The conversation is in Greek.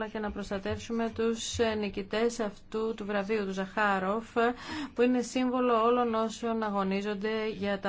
αλλά και να προστατεύσουμε τους ε, νικητές αυτού του βραβείου του Ζαχάροφ που είναι σύμβολο όλων όσων αγωνίζονται για τα